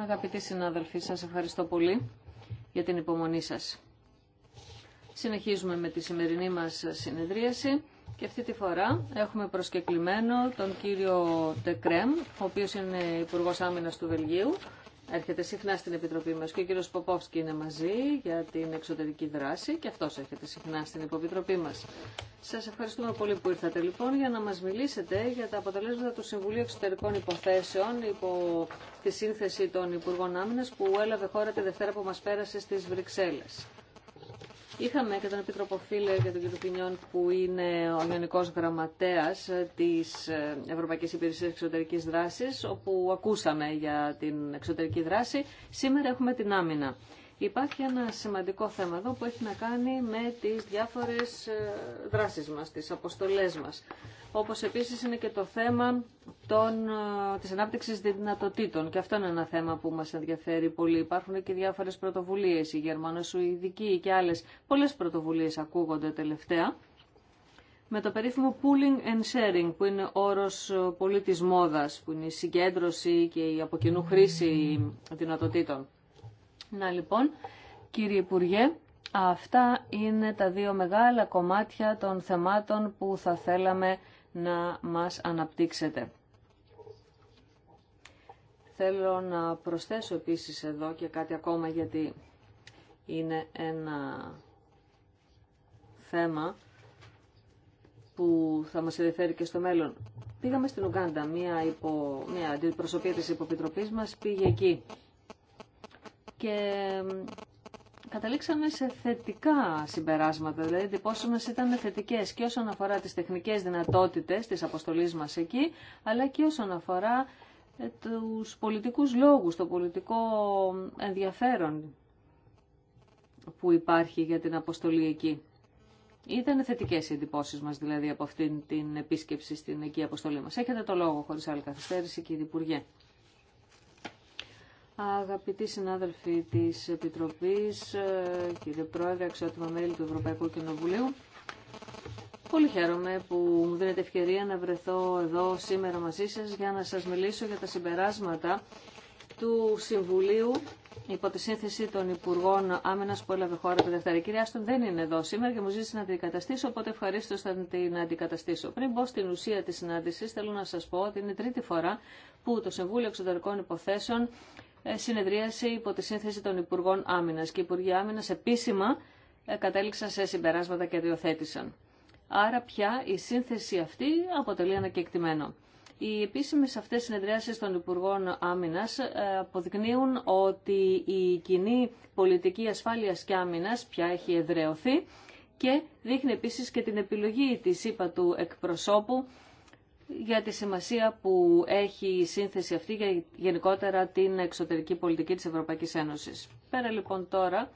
Αγαπητοί συνάδελφοι, σας ευχαριστώ πολύ για την υπομονή σας. Συνεχίζουμε με τη σημερινή μας συνεδρίαση και αυτή τη φορά έχουμε προσκεκλημένο τον κύριο Τεκρέμ, ο οποίος είναι Υπουργός Άμυνας του Βελγίου έρχεται συχνά στην Επιτροπή μας και ο κύριος Ποπόφσκι είναι μαζί για την εξωτερική δράση και αυτός έρχεται συχνά στην Επιτροπή μας. Σας ευχαριστούμε πολύ που ήρθατε λοιπόν για να μας μιλήσετε για τα αποτελέσματα του Συμβουλίου Εξωτερικών Υποθέσεων υπό τη σύνθεση των Υπουργών Άμυνας που έλαβε χώρα τη Δευτέρα που μας πέρασε στις Βρυξέλλες. Είχαμε και τον Επίτροπο Φίλε και τον κ. Πινιόν που είναι ο Ιωνικό Γραμματέα τη Ευρωπαϊκή Υπηρεσία Εξωτερική δράση, όπου ακούσαμε για την εξωτερική δράση. Σήμερα έχουμε την άμυνα. Υπάρχει ένα σημαντικό θέμα εδώ που έχει να κάνει με τις διάφορες ε, δράσεις μας, τις αποστολές μας. Όπως επίσης είναι και το θέμα των, ε, της ανάπτυξης δυνατοτήτων και αυτό είναι ένα θέμα που μας ενδιαφέρει πολύ. Υπάρχουν και διάφορες πρωτοβουλίες, Οι ειδικοί και άλλες. Πολλές πρωτοβουλίες ακούγονται τελευταία με το περίφημο pooling and sharing, που είναι όρος ε, πολύ της μόδας, που είναι η συγκέντρωση και η αποκοινού χρήση δυνατοτήτων. Να λοιπόν, κύριε Υπουργέ, αυτά είναι τα δύο μεγάλα κομμάτια των θεμάτων που θα θέλαμε να μας αναπτύξετε. Θέλω να προσθέσω επίσης εδώ και κάτι ακόμα γιατί είναι ένα θέμα που θα μας ενδιαφέρει και στο μέλλον. Πήγαμε στην Ουγκάντα, μια, υπο, μια αντιπροσωπεία της υποπιτροπής μας πήγε εκεί και καταλήξαμε σε θετικά συμπεράσματα, δηλαδή εντυπώσεις μας ήταν θετικές και όσον αφορά τις τεχνικές δυνατότητες της αποστολής μας εκεί, αλλά και όσον αφορά ε, τους πολιτικούς λόγους, το πολιτικό ενδιαφέρον που υπάρχει για την αποστολή εκεί. Ήταν θετικέ οι εντυπώσει μα δηλαδή από αυτήν την επίσκεψη στην εκεί αποστολή μα. Έχετε το λόγο χωρί άλλη καθυστέρηση, κύριε Υπουργέ. Αγαπητοί συνάδελφοι της Επιτροπής, ε, κύριε Πρόεδρε, αξιότιμα μέλη του Ευρωπαϊκού Κοινοβουλίου, πολύ χαίρομαι που μου δίνετε ευκαιρία να βρεθώ εδώ σήμερα μαζί σας για να σας μιλήσω για τα συμπεράσματα του Συμβουλίου υπό τη σύνθεση των Υπουργών Άμυνας που έλαβε χώρα τη Δευτέρα. Η Άστον δεν είναι εδώ σήμερα και μου ζήτησε να την αντικαταστήσω, οπότε ευχαρίστω θα την αντικαταστήσω. Πριν μπω στην ουσία της συνάντηση, θέλω να σα πω ότι είναι τρίτη φορά που το Συμβούλιο Εξωτερικών Υποθέσεων ε, συνεδρίαση υπό τη σύνθεση των Υπουργών Άμυνας και οι Υπουργοί Άμυνας επίσημα ε, κατέληξαν σε συμπεράσματα και διοθέτησαν. Άρα πια η σύνθεση αυτή αποτελεί ανακεκτημένο. Οι επίσημες αυτές συνεδριάσεις των Υπουργών Άμυνα ε, αποδεικνύουν ότι η κοινή πολιτική ασφάλεια και Άμυνα πια έχει εδρεωθεί και δείχνει επίση και την επιλογή τη ΥΠΑ του εκπροσώπου για τη σημασία που έχει η σύνθεση αυτή για γενικότερα την εξωτερική πολιτική της Ευρωπαϊκής Ένωσης. Πέρα λοιπόν τώρα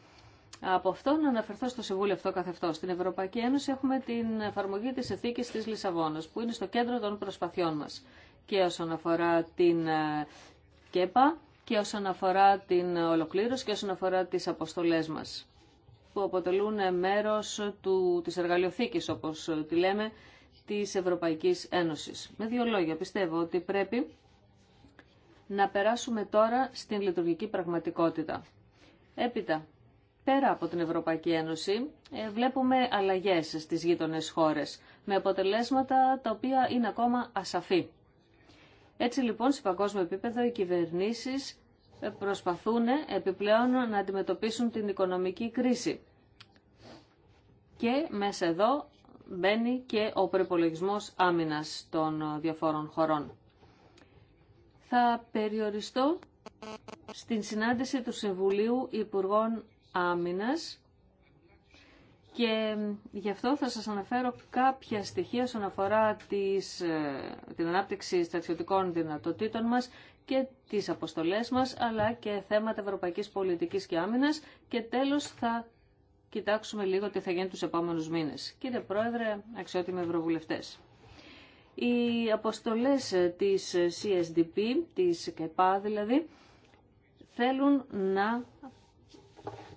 από αυτό να αναφερθώ στο Συμβούλιο αυτό καθευτό. Στην Ευρωπαϊκή Ένωση έχουμε την εφαρμογή της εθήκης της Λισαβόνας που είναι στο κέντρο των προσπαθειών μας και όσον αφορά την ε, ΚΕΠΑ και όσον αφορά την ολοκλήρωση και όσον αφορά τις αποστολές μας που αποτελούν μέρος του, της εργαλειοθήκης όπως τη λέμε της Ευρωπαϊκής Ένωσης. Με δύο λόγια, πιστεύω ότι πρέπει να περάσουμε τώρα στην λειτουργική πραγματικότητα. Έπειτα, πέρα από την Ευρωπαϊκή Ένωση, ε, βλέπουμε αλλαγές στις γείτονες χώρες, με αποτελέσματα τα οποία είναι ακόμα ασαφή. Έτσι λοιπόν, σε παγκόσμιο επίπεδο, οι κυβερνήσεις ε, προσπαθούν ε, επιπλέον να αντιμετωπίσουν την οικονομική κρίση. Και μέσα εδώ μπαίνει και ο προπολογισμό άμυνας των διαφόρων χωρών. Θα περιοριστώ στην συνάντηση του Συμβουλίου Υπουργών Άμυνας και γι' αυτό θα σας αναφέρω κάποια στοιχεία όσον αφορά τις, ε, την ανάπτυξη στρατιωτικών δυνατοτήτων μας και τις αποστολές μας, αλλά και θέματα ευρωπαϊκής πολιτικής και άμυνας και τέλος θα κοιτάξουμε λίγο τι θα γίνει τους επόμενους μήνες. Κύριε Πρόεδρε, αξιότιμοι ευρωβουλευτές. Οι αποστολές της CSDP, της ΚΕΠΑ δηλαδή, θέλουν να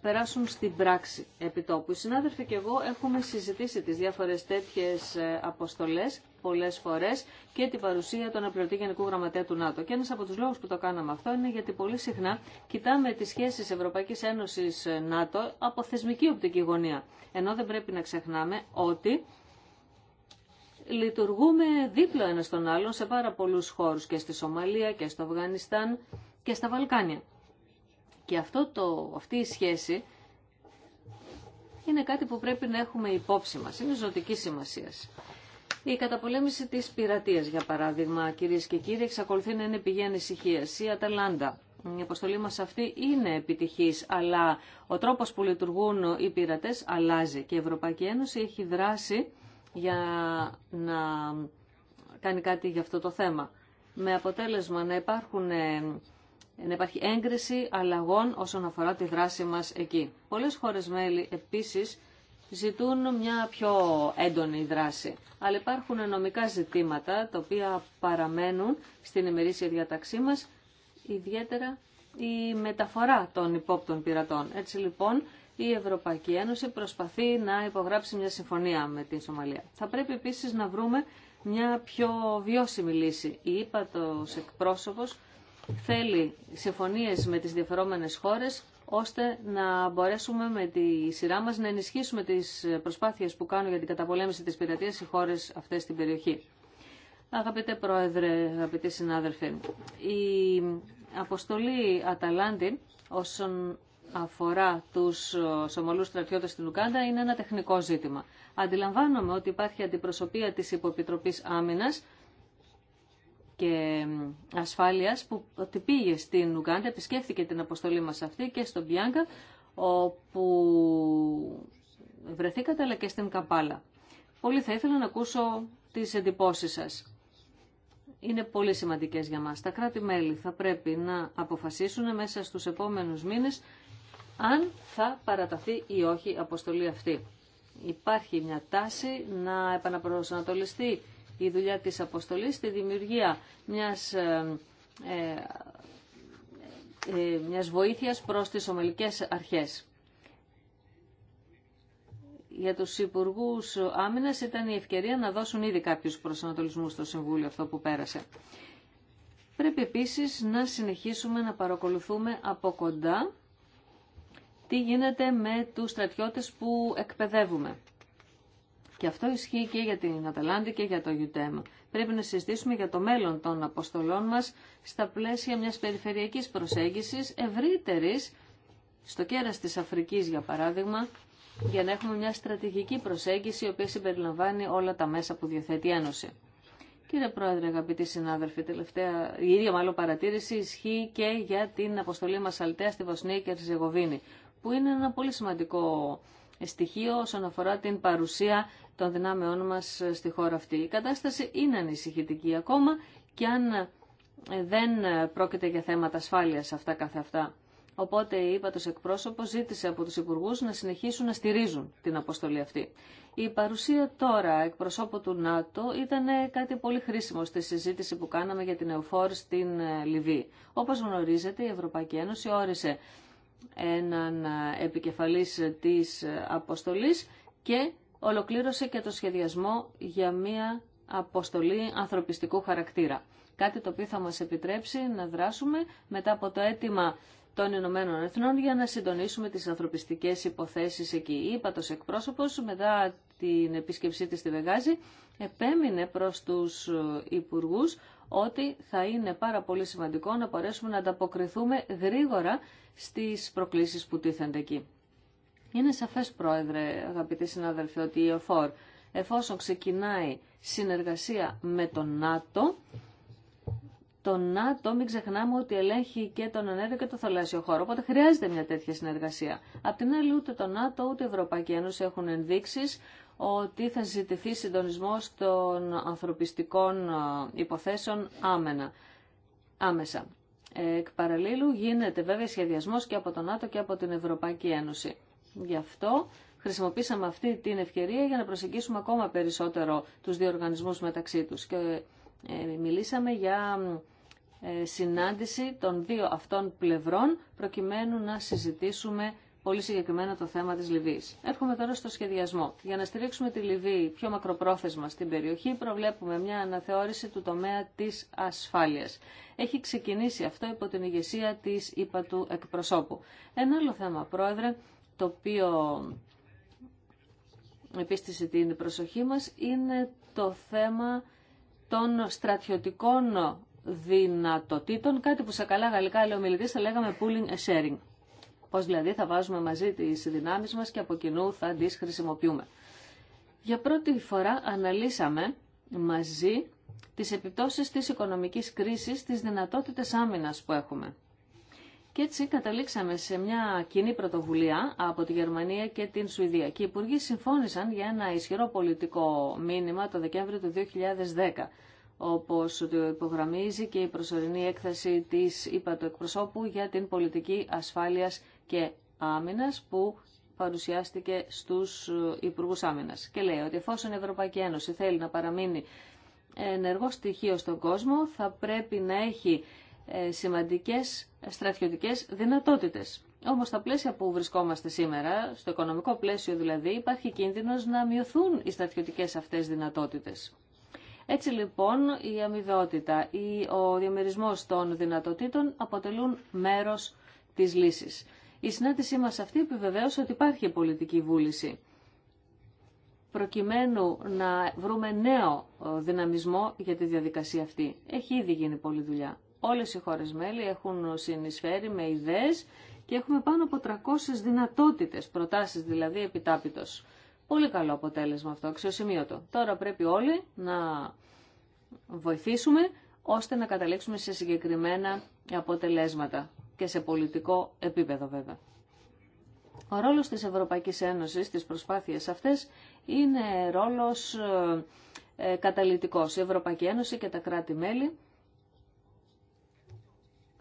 περάσουν στην πράξη επιτόπου. Οι συνάδελφοι και εγώ έχουμε συζητήσει τις διάφορες τέτοιες αποστολές Πολλέ φορέ και την παρουσία των απληρωτή Γενικού Γραμματέα του ΝΑΤΟ. Και ένα από του λόγου που το κάναμε αυτό είναι γιατί πολύ συχνά κοιτάμε τι σχέσει Ευρωπαϊκή Ένωση ΝΑΤΟ από θεσμική οπτική γωνία. Ενώ δεν πρέπει να ξεχνάμε ότι λειτουργούμε δίπλα ένα στον άλλον σε πάρα πολλού χώρου και στη Σομαλία και στο Αφγανιστάν και στα Βαλκάνια. Και αυτό το, αυτή η σχέση είναι κάτι που πρέπει να έχουμε υπόψη μας. Είναι ζωτική σημασία. Η καταπολέμηση της πειρατείας, για παράδειγμα, κυρίες και κύριοι, εξακολουθεί να είναι πηγή ανησυχία. Η Αταλάντα, η αποστολή μας αυτή είναι επιτυχής, αλλά ο τρόπος που λειτουργούν οι πειρατές αλλάζει και η Ευρωπαϊκή Ένωση έχει δράσει για να κάνει κάτι για αυτό το θέμα. Με αποτέλεσμα να, υπάρχουν, ε, να υπάρχει έγκριση αλλαγών όσον αφορά τη δράση μας εκεί. Πολλές χώρες μέλη επίσης ζητούν μια πιο έντονη δράση. Αλλά υπάρχουν νομικά ζητήματα τα οποία παραμένουν στην ημερήσια διαταξή μας, ιδιαίτερα η μεταφορά των υπόπτων πειρατών. Έτσι λοιπόν η Ευρωπαϊκή Ένωση προσπαθεί να υπογράψει μια συμφωνία με την Σομαλία. Θα πρέπει επίσης να βρούμε μια πιο βιώσιμη λύση. Η το εκπρόσωπος θέλει συμφωνίες με τις διαφερόμενες χώρες ώστε να μπορέσουμε με τη σειρά μας να ενισχύσουμε τις προσπάθειες που κάνουν για την καταπολέμηση της πειρατείας οι χώρες αυτές στην περιοχή. Αγαπητέ Πρόεδρε, αγαπητοί συνάδελφοι, η αποστολή Αταλάντη όσον αφορά τους Σομαλούς στρατιώτες στην Ουκάντα είναι ένα τεχνικό ζήτημα. Αντιλαμβάνομαι ότι υπάρχει αντιπροσωπεία της Υποπιτροπής Άμυνας και ασφάλειας που ότι πήγε στην Ουγγάντα, επισκέφθηκε την αποστολή μας αυτή και στον Πιάνκα όπου βρεθήκατε αλλά και στην Καπάλα. Πολύ θα ήθελα να ακούσω τις εντυπώσεις σας. Είναι πολύ σημαντικές για μας. Τα κράτη-μέλη θα πρέπει να αποφασίσουν μέσα στους επόμενους μήνες αν θα παραταθεί ή όχι η αποστολή αυτή. Υπάρχει μια τάση να επαναπροσανατολιστεί η δουλειά της αποστολής στη δημιουργία μιας, ε, ε, ε, μιας βοήθειας προς τις αρχές. Για τους υπουργού Άμυνα ήταν η ευκαιρία να δώσουν ήδη κάποιους προσανατολισμούς στο Συμβούλιο αυτό που πέρασε. Πρέπει επίσης να συνεχίσουμε να παρακολουθούμε από κοντά τι γίνεται με τους στρατιώτες που εκπαιδεύουμε. Και αυτό ισχύει και για την Αταλάντη και για το UTM. Πρέπει να συζητήσουμε για το μέλλον των αποστολών μας στα πλαίσια μιας περιφερειακής προσέγγισης ευρύτερης, στο κέρας της Αφρικής για παράδειγμα, για να έχουμε μια στρατηγική προσέγγιση η οποία συμπεριλαμβάνει όλα τα μέσα που διαθέτει η Ένωση. Κύριε Πρόεδρε, αγαπητοί συνάδελφοι, τελευταία, η ίδια μάλλον παρατήρηση ισχύει και για την αποστολή μας Αλτέα στη Βοσνία και Ερζεγοβίνη, που είναι ένα πολύ σημαντικό στοιχείο όσον αφορά την παρουσία των δυνάμεών μας στη χώρα αυτή. Η κατάσταση είναι ανησυχητική ακόμα και αν δεν πρόκειται για θέματα ασφάλειας αυτά κάθε αυτά. Οπότε η ύπατος εκπρόσωπο ζήτησε από τους Υπουργού να συνεχίσουν να στηρίζουν την αποστολή αυτή. Η παρουσία τώρα εκπροσώπου του ΝΑΤΟ ήταν κάτι πολύ χρήσιμο στη συζήτηση που κάναμε για την ΕΟΦΟΡ στην Λιβύη. Όπως γνωρίζετε η Ευρωπαϊκή Ένωση όρισε έναν ε, επικεφαλής της αποστολής και ολοκλήρωσε και το σχεδιασμό για μια αποστολή ανθρωπιστικού χαρακτήρα. Κάτι το οποίο θα μας επιτρέψει να δράσουμε μετά από το αίτημα των Ηνωμένων Εθνών για να συντονίσουμε τις ανθρωπιστικές υποθέσεις εκεί. Η το εκπρόσωπος μετά την επίσκεψή της στη Βεγάζη επέμεινε προς τους ε, υπουργούς ότι θα είναι πάρα πολύ σημαντικό να μπορέσουμε να ανταποκριθούμε γρήγορα στις προκλήσεις που τίθενται εκεί. Είναι σαφές, Πρόεδρε, αγαπητοί συνάδελφοι, ότι η ΕΦΟΡ, εφόσον ξεκινάει συνεργασία με το ΝΑΤΟ, το ΝΑΤΟ, μην ξεχνάμε ότι ελέγχει και τον ενέργειο και το θαλάσσιο χώρο, οπότε χρειάζεται μια τέτοια συνεργασία. Απ' την άλλη, ούτε το ΝΑΤΟ ούτε η Ευρωπαϊκή Ένωση έχουν ενδείξει ότι θα συζητηθεί συντονισμός των ανθρωπιστικών υποθέσεων άμενα, άμεσα. Εκ παραλλήλου γίνεται βέβαια σχεδιασμός και από τον ΝΑΤΟ και από την Ευρωπαϊκή Ένωση. Γι' αυτό χρησιμοποίησαμε αυτή την ευκαιρία για να προσεγγίσουμε ακόμα περισσότερο τους δύο οργανισμούς μεταξύ τους. Και ε, μιλήσαμε για ε, συνάντηση των δύο αυτών πλευρών προκειμένου να συζητήσουμε πολύ συγκεκριμένα το θέμα της Λιβύης. Έρχομαι τώρα στο σχεδιασμό. Για να στηρίξουμε τη Λιβύη πιο μακροπρόθεσμα στην περιοχή, προβλέπουμε μια αναθεώρηση του τομέα της ασφάλειας. Έχει ξεκινήσει αυτό υπό την ηγεσία της ΥΠΑ του εκπροσώπου. Ένα άλλο θέμα, Πρόεδρε, το οποίο επίστησε την προσοχή μας, είναι το θέμα των στρατιωτικών δυνατοτήτων, κάτι που σε καλά γαλλικά λέει ο μιλητής, θα λέγαμε pooling and sharing. Πώς δηλαδή θα βάζουμε μαζί τις δυνάμεις μας και από κοινού θα τις χρησιμοποιούμε. Για πρώτη φορά αναλύσαμε μαζί τις επιπτώσεις της οικονομικής κρίσης, τις δυνατότητες άμυνας που έχουμε. Και έτσι καταλήξαμε σε μια κοινή πρωτοβουλία από τη Γερμανία και την Σουηδία. Και οι υπουργοί συμφώνησαν για ένα ισχυρό πολιτικό μήνυμα το Δεκέμβριο του 2010 όπως το υπογραμμίζει και η προσωρινή έκθεση της ΥΠΑ του εκπροσώπου για την πολιτική ασφάλειας και Άμυνας που παρουσιάστηκε στους υπουργού Άμυνας και λέει ότι εφόσον η Ευρωπαϊκή Ένωση θέλει να παραμείνει ενεργό στοιχείο στον κόσμο θα πρέπει να έχει ε, σημαντικές στρατιωτικές δυνατότητες. Όμω, στα πλαίσια που βρισκόμαστε σήμερα, στο οικονομικό πλαίσιο δηλαδή, υπάρχει κίνδυνο να μειωθούν οι στρατιωτικέ αυτέ δυνατότητε. Έτσι λοιπόν η αμοιβαιότητα ή ο διαμερισμός των δυνατοτήτων αποτελούν μέρος της λύσης. Η συνάντησή μας αυτή επιβεβαίωσε ότι υπάρχει πολιτική βούληση προκειμένου να βρούμε νέο ε, δυναμισμό για τη διαδικασία αυτή. Έχει ήδη γίνει πολλή δουλειά. Όλες οι χώρες μέλη έχουν συνεισφέρει με ιδέες και έχουμε πάνω από 300 δυνατότητες, προτάσεις δηλαδή επιτάπητος. Πολύ καλό αποτέλεσμα αυτό, αξιοσημείωτο. Τώρα πρέπει όλοι να βοηθήσουμε ώστε να καταλήξουμε σε συγκεκριμένα αποτελέσματα και σε πολιτικό επίπεδο βέβαια. Ο ρόλος της Ευρωπαϊκής Ένωσης στις προσπάθειες αυτές είναι ρόλος ε, ε, καταλυτικός. Η Ευρωπαϊκή Ένωση και τα κράτη-μέλη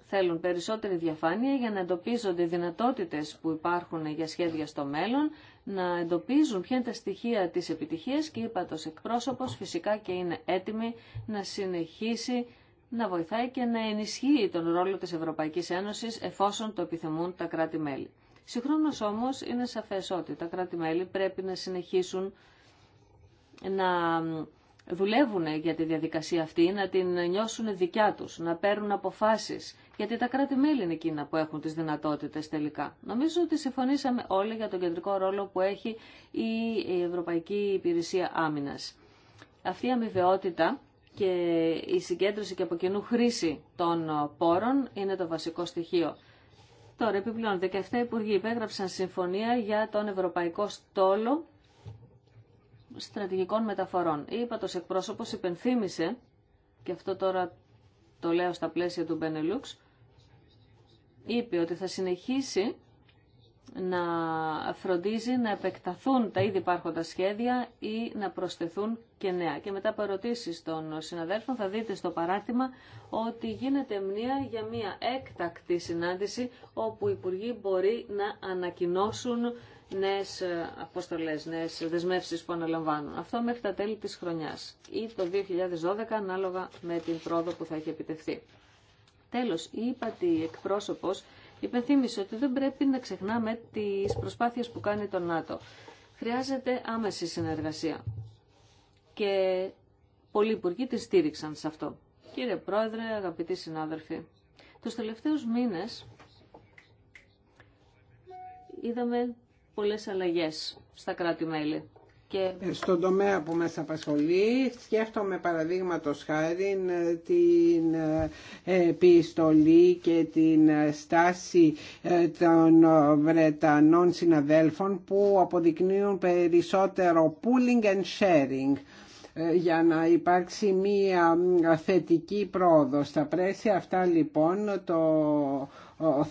θέλουν περισσότερη διαφάνεια για να εντοπίζονται οι δυνατότητες που υπάρχουν για σχέδια στο μέλλον, να εντοπίζουν ποια είναι τα στοιχεία της επιτυχίας και είπα εκπρόσωπος φυσικά και είναι έτοιμη να συνεχίσει να βοηθάει και να ενισχύει τον ρόλο της Ευρωπαϊκής Ένωσης εφόσον το επιθυμούν τα κράτη-μέλη. Συγχρόνως όμως είναι σαφές ότι τα κράτη-μέλη πρέπει να συνεχίσουν να δουλεύουν για τη διαδικασία αυτή, να την νιώσουν δικιά τους, να παίρνουν αποφάσεις, γιατί τα κράτη-μέλη είναι εκείνα που έχουν τις δυνατότητες τελικά. Νομίζω ότι συμφωνήσαμε όλοι για τον κεντρικό ρόλο που έχει η Ευρωπαϊκή Υπηρεσία Άμυνας. Αυτή η αμοιβαιότητα και η συγκέντρωση και από κοινού χρήση των ε, πόρων είναι το βασικό στοιχείο. Τώρα, επιπλέον, 17 Υπουργοί υπέγραψαν συμφωνία για τον Ευρωπαϊκό Στόλο Στρατηγικών Μεταφορών. Η ύπατος εκπρόσωπος υπενθύμησε, και αυτό τώρα το λέω στα πλαίσια του Benelux, είπε ότι θα συνεχίσει να φροντίζει να επεκταθούν τα ήδη υπάρχοντα σχέδια ή να προσθεθούν και νέα. Και μετά από ερωτήσει των συναδέλφων θα δείτε στο παράρτημα ότι γίνεται μία για μια έκτακτη συνάντηση όπου οι Υπουργοί μπορεί να ανακοινώσουν νέε αποστολέ, νέε δεσμεύσει που αναλαμβάνουν. Αυτό μέχρι τα τέλη της χρονιάς ή το 2012 ανάλογα με την πρόοδο που θα έχει επιτευχθεί. Τέλος, η ότι εκπρόσωπος υπενθύμησε ότι δεν πρέπει να ξεχνάμε τις προσπάθειες που κάνει το ΝΑΤΟ. Χρειάζεται άμεση συνεργασία. Και πολλοί υπουργοί τη στήριξαν σε αυτό. Κύριε Πρόεδρε, αγαπητοί συνάδελφοι, τους τελευταίους μήνες είδαμε πολλές αλλαγές στα κράτη-μέλη. Και... Στον τομέα που μας απασχολεί σκέφτομαι παραδείγματο χάρη ε, την ε, επιστολή και την ε, στάση των Βρετανών συναδέλφων που αποδεικνύουν περισσότερο pooling and sharing για να υπάρξει μία θετική πρόοδο. Στα πρέσια αυτά λοιπόν το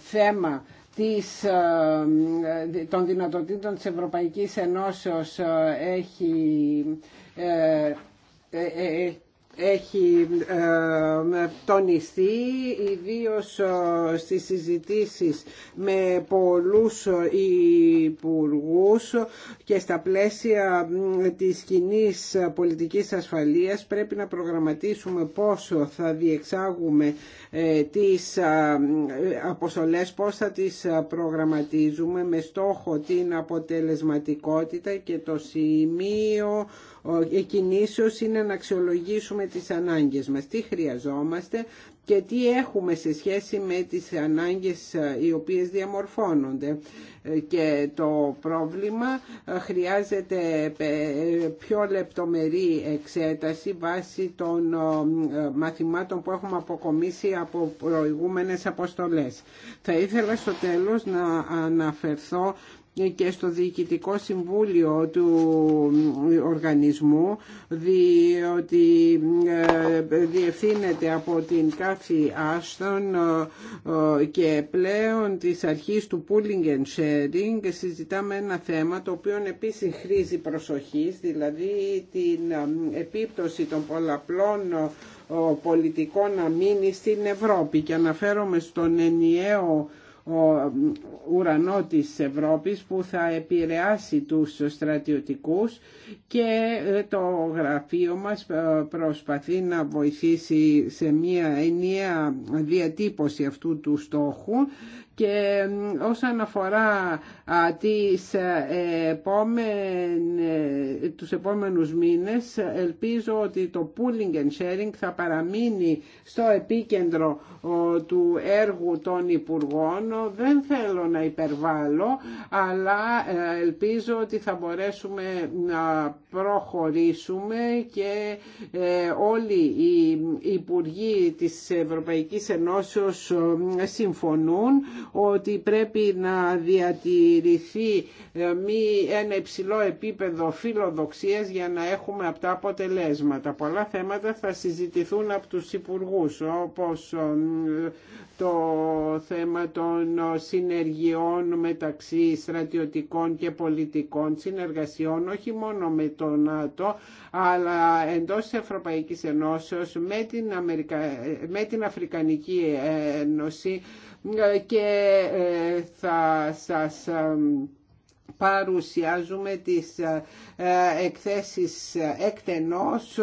θέμα της, ε, ε, των δυνατοτήτων της Ευρωπαϊκής Ενώσεως ε, έχει έχει ε, τονιστεί ιδίως ε, στις συζητήσεις με πολλούς ε, υπουργού και στα πλαίσια της κοινή πολιτικής ασφαλείας πρέπει να προγραμματίσουμε πόσο θα διεξάγουμε τις αποστολές, πώς θα τις προγραμματίζουμε με στόχο την αποτελεσματικότητα και το σημείο κινήσεως είναι να αξιολογήσουμε τις ανάγκες μας, τι χρειαζόμαστε και τι έχουμε σε σχέση με τις ανάγκες ε, οι οποίες διαμορφώνονται. Ε, και το πρόβλημα ε, χρειάζεται πιο λεπτομερή εξέταση βάσει των μαθημάτων που έχουμε αποκομίσει από προηγούμενες αποστολές. Θα ήθελα στο τέλος να αναφερθώ και στο Διοικητικό Συμβούλιο του οργανισμού διότι ε, διευθύνεται από την κάθε Άστον ε, και πλέον της αρχής του pooling and sharing και συζητάμε ένα θέμα το οποίο επίσης χρήζει προσοχής δηλαδή την ε, επίπτωση των πολλαπλών πολιτικών αμήνης στην Ευρώπη και αναφέρομαι στον ενιαίο ο ουρανό της Ευρώπης που θα επηρεάσει τους στρατιωτικούς και ε, το γραφείο μας ε, προσπαθεί να βοηθήσει σε μια ενιαία διατύπωση αυτού του στόχου και όσον αφορά τις ε, επόμενες, τους επόμενους μήνες ελπίζω ότι το pooling and sharing θα παραμείνει στο επίκεντρο του έργου των Υπουργών. Δεν θέλω να υπερβάλλω αλλά ε, ελπίζω ότι θα μπορέσουμε να προχωρήσουμε και ε, όλοι οι Υπουργοί της Ευρωπαϊκής Ενώσεως συμφωνούν ότι πρέπει να διατηρηθεί ε, μη ένα υψηλό επίπεδο φιλοδοξίας για να έχουμε αυτά αποτελέσματα. Πολλά θέματα θα συζητηθούν από τους υπουργούς όπως ε, το θέμα των συνεργειών μεταξύ στρατιωτικών και πολιτικών συνεργασιών όχι μόνο με το ΝΑΤΟ αλλά εντός της Ευρωπαϊκής Ενώσεως με την, Αμερικα... με την Αφρικανική Ένωση και ε, θα σας ε, παρουσιάζουμε τις ε, εκθέσεις εκτενώς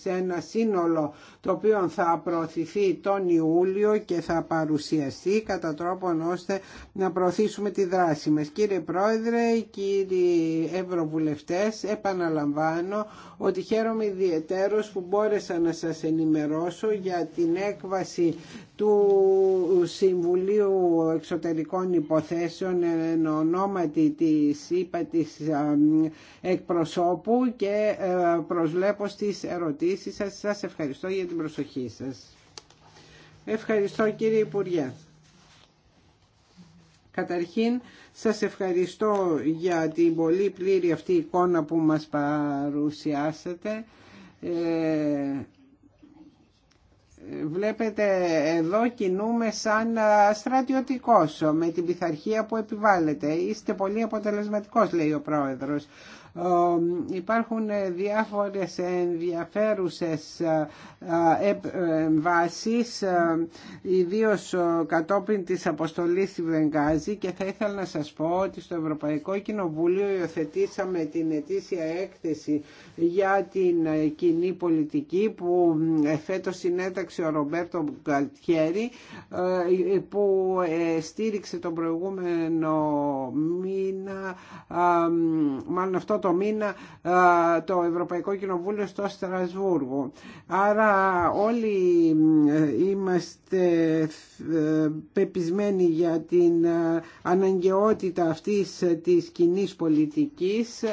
σε ένα σύνολο το οποίο θα προωθηθεί τον Ιούλιο και θα παρουσιαστεί κατά τρόπον ώστε να προωθήσουμε τη δράση μας. Κύριε Πρόεδρε, κύριοι Ευρωβουλευτές, επαναλαμβάνω ότι χαίρομαι ιδιαίτερος που μπόρεσα να σας ενημερώσω για την έκβαση του Συμβουλίου Εξωτερικών Υποθέσεων εν ονόματι της είπα της εκπροσώπου και ε, προσλέπω στις ερωτήσεις σας. Σας ευχαριστώ για την προσοχή σας. Ευχαριστώ κύριε Υπουργέ. Καταρχήν, σας ευχαριστώ για την πολύ πλήρη αυτή εικόνα που μας παρουσιάσατε. Ε, Βλέπετε εδώ κινούμε σαν στρατιωτικός με την πειθαρχία που επιβάλλεται. Είστε πολύ αποτελεσματικός λέει ο πρόεδρος. Υπάρχουν διάφορες ενδιαφέρουσες βάσει, ιδίως κατόπιν της αποστολής στη Βενγάζη και θα ήθελα να σας πω ότι στο Ευρωπαϊκό Κοινοβούλιο υιοθετήσαμε την ετήσια έκθεση για την ε, κοινή πολιτική που ε, φέτος συνέταξε ο Ρομπέρτο Γκαλτιέρη ε, που στήριξε τον προηγούμενο μήνα, μάλλον αυτό το μήνα το Ευρωπαϊκό Κοινοβούλιο στο Στρασβούργο. Άρα όλοι είμαστε ε, πεπισμένοι για την ε, αναγκαιότητα αυτής ε, της κοινή πολιτικής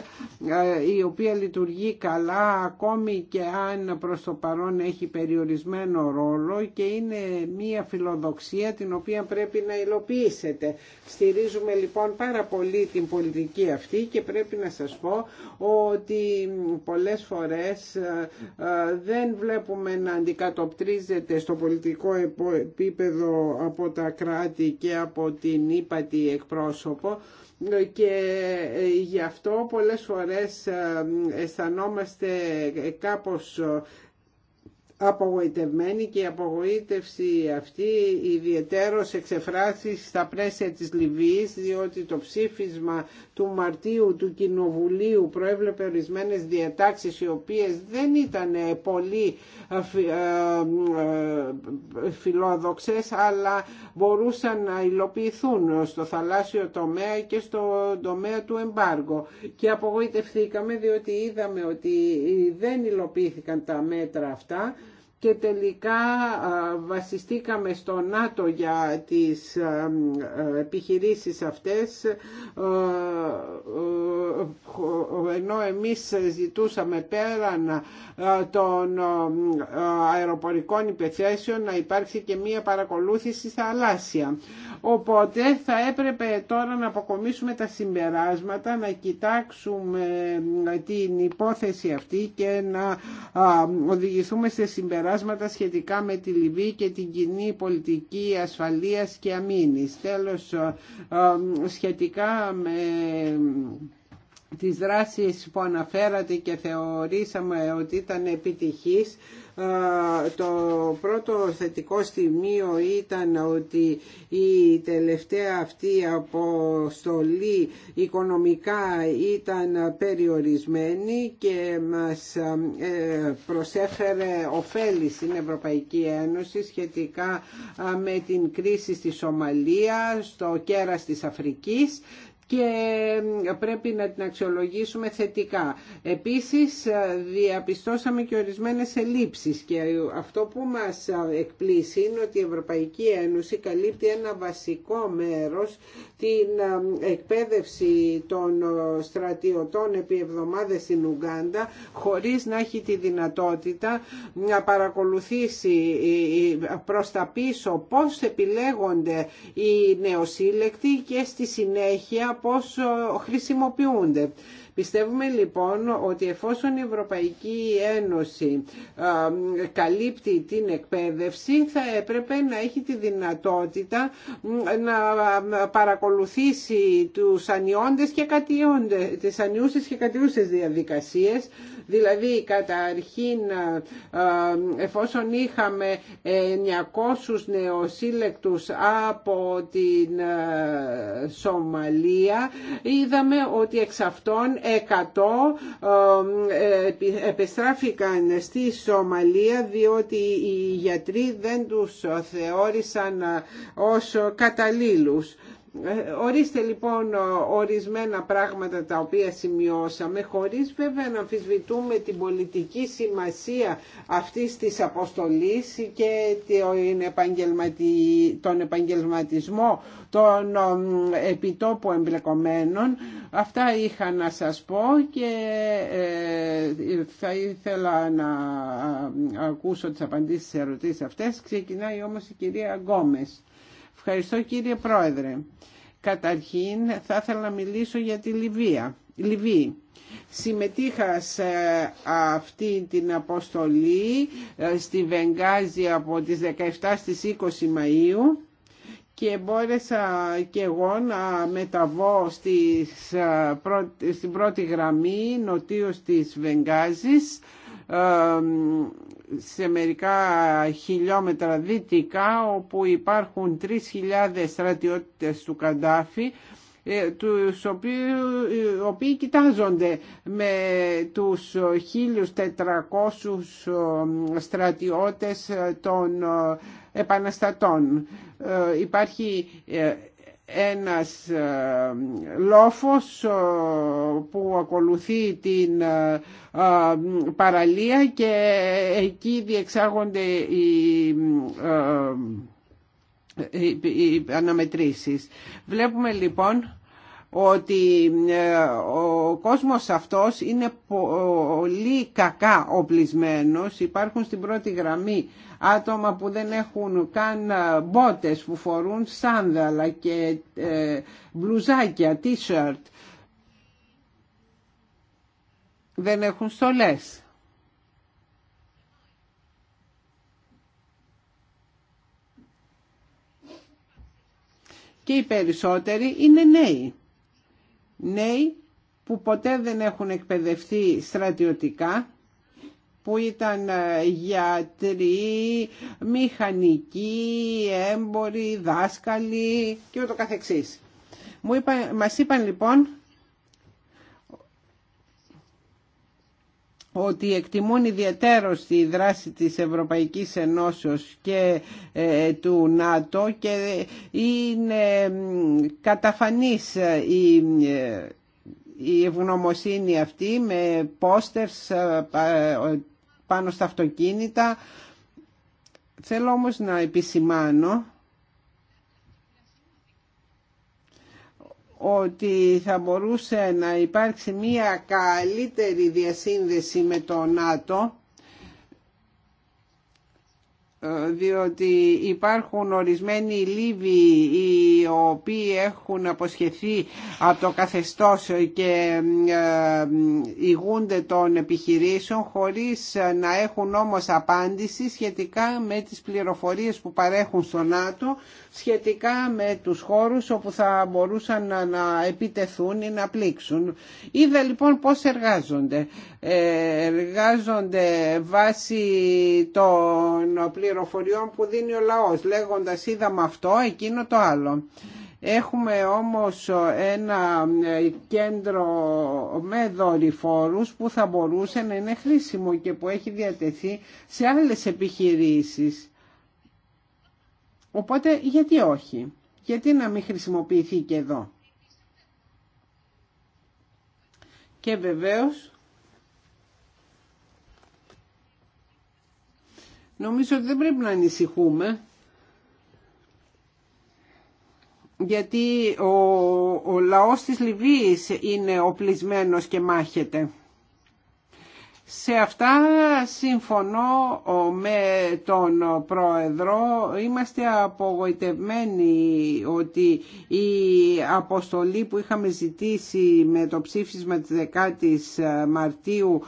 η οποία λειτουργεί καλά ακόμη και αν προς το παρόν έχει περιορισμένο ρόλο και είναι μία φιλοδοξία την οποία πρέπει να υλοποιήσετε. Στηρίζουμε λοιπόν πάρα πολύ την πολιτική αυτή και πρέπει να σας πω ότι πολλές φορές ε, ε, δεν βλέπουμε να αντικατοπτρίζεται στο πολιτικό επίπεδο από τα κράτη και από την ύπατη εκπρόσωπο και ε, γι' αυτό πολλές φορές αισθανόμαστε κάπως απογοητευμένη και η απογοήτευση αυτή ιδιαιτέρως εξεφράσει στα πλαίσια της Λιβύης διότι το ψήφισμα του Μαρτίου του Κοινοβουλίου προέβλεπε ορισμένες διατάξεις οι οποίες δεν ήταν πολύ ε, ε, ε, φιλόδοξες αλλά μπορούσαν να υλοποιηθούν στο θαλάσσιο τομέα και στο τομέα του εμπαργο και απογοητευθήκαμε διότι είδαμε ότι δεν υλοποιήθηκαν τα μέτρα αυτά και τελικά βασιστήκαμε στο ΝΑΤΟ για τις επιχειρήσεις αυτές ενώ εμείς ζητούσαμε πέραν των αεροπορικών υπεθέσεων να υπάρξει και μία παρακολούθηση στα θαλάσσια. Οπότε θα έπρεπε τώρα να αποκομίσουμε τα συμπεράσματα, να κοιτάξουμε την υπόθεση αυτή και να οδηγηθούμε σε συμπεράσματα συμπεράσματα σχετικά με τη Λιβύη και την κοινή πολιτική ασφαλείας και αμήνης. Τέλος, ε, ε, σχετικά με τις δράσεις που αναφέρατε και θεωρήσαμε ότι ήταν επιτυχής το πρώτο θετικό σημείο ήταν ότι η τελευταία αυτή αποστολή οικονομικά ήταν περιορισμένη και μας ε, προσέφερε ωφέλη στην Ευρωπαϊκή Ένωση σχετικά με την κρίση στη Σομαλία, στο κέρας της Αφρικής και ε, πρέπει να την αξιολογήσουμε θετικά. Επίσης ε, διαπιστώσαμε και ορισμένες ελλείψεις και αυτό που μας ε, εκπλήσει είναι ότι η Ευρωπαϊκή Ένωση καλύπτει ένα βασικό μέρος την εκπαίδευση των στρατιωτών επί εβδομάδες στην Ουγγάντα χωρίς να έχει τη δυνατότητα να παρακολουθήσει προς τα πίσω πώς επιλέγονται οι νεοσύλλεκτοι και στη συνέχεια πώς χρησιμοποιούνται. Πιστεύουμε λοιπόν ότι εφόσον η Ευρωπαϊκή Ένωση καλύπτει την εκπαίδευση θα έπρεπε να έχει τη δυνατότητα να παρακολουθήσει τους ανιώντες και κατιώντες, τις ανιούσες και κατιούσες διαδικασίες δηλαδή καταρχήν εφόσον είχαμε 900 νεοσύλλεκτους από την Σομαλία είδαμε ότι εξ αυτών 100 ε, επιστράφηκαν στη Σομαλία διότι οι γιατροί δεν τους θεώρησαν ε, ως ε, καταλήλους. Ε, ορίστε λοιπόν ορισμένα πράγματα τα οποία σημειώσαμε χωρίς βέβαια να αμφισβητούμε την πολιτική σημασία αυτής της αποστολής και τον επαγγελματισμό των επιτόπου εμπλεκομένων. Αυτά είχα να σας πω και ε, θα ήθελα να ακούσω τις απαντήσεις σε ερωτήσεις αυτές. Ξεκινάει όμως η κυρία Γκόμες. Ευχαριστώ κύριε Πρόεδρε. Καταρχήν θα ήθελα να μιλήσω για τη Λιβύα. Λιβύη. Συμμετείχα σε ε, αυτή την αποστολή ε, στη Βενγάζη από τις 17 στις 20 Μαΐου και μπόρεσα και εγώ να μεταβώ στις, ε, στην πρώτη γραμμή νοτίως της Βενγάζης σε μερικά χιλιόμετρα δυτικά όπου υπάρχουν 3.000 στρατιώτες του Καντάφη ε, τους οποίοι, οποίοι κοιτάζονται με τους 1.400 ε, στρατιώτες των ε, επαναστατών. Υπάρχει ένας ε, λόφος ε, που ακολουθεί την ε, παραλία και εκεί διεξάγονται οι αναμετρήσεις. Βλέπουμε λοιπόν ότι ο κόσμος αυτός είναι πολύ κακά οπλισμένος, υπάρχουν στην πρώτη γραμμή άτομα που δεν έχουν καν ε, μπότες που φορούν σάνδαλα και ε, μπλουζάκια, t-shirt. Δεν έχουν στολές. Και οι περισσότεροι είναι νέοι. Νέοι που ποτέ δεν έχουν εκπαιδευτεί στρατιωτικά που ήταν ε, γιατροί, μηχανικοί, έμποροι, δάσκαλοι και ούτω καθεξής. Μου είπα, μας είπαν λοιπόν ότι εκτιμούν ιδιαίτερο τη δράση της Ευρωπαϊκής Ενώσεως και ε, του ΝΑΤΟ και είναι καταφανής ε, η η ευγνωμοσύνη αυτή με πόστερς πάνω στα αυτοκίνητα. Θέλω όμως να επισημάνω ότι θα μπορούσε να υπάρξει μία καλύτερη διασύνδεση με το ΝΑΤΟ διότι υπάρχουν ορισμένοι Λίβοι οι οποίοι έχουν αποσχεθεί από το καθεστώς και ε, ηγούνται των επιχειρήσεων χωρίς να έχουν όμως απάντηση σχετικά με τις πληροφορίες που παρέχουν στον ΝΑΤΟ σχετικά με τους χώρους όπου θα μπορούσαν να, επιτεθούν ή να πλήξουν. Είδα λοιπόν πώς εργάζονται. Ε, εργάζονται βάσει των πληροφοριών που δίνει ο λαός, λέγοντας είδαμε αυτό, εκείνο το άλλο. Έχουμε όμως ένα ε, κέντρο με δορυφόρους που θα μπορούσε να είναι χρήσιμο και που έχει διατεθεί σε άλλες επιχειρήσεις. Οπότε γιατί όχι, γιατί να μην χρησιμοποιηθεί και εδώ. Και βεβαίως νομίζω ότι δεν πρέπει να ανησυχούμε γιατί ο, ο λαός της Λιβύης είναι οπλισμένος και μάχεται. Σε αυτά συμφωνώ με τον Πρόεδρο. Είμαστε απογοητευμένοι ότι η αποστολή που είχαμε ζητήσει με το ψήφισμα της 10ης ε, Μαρτίου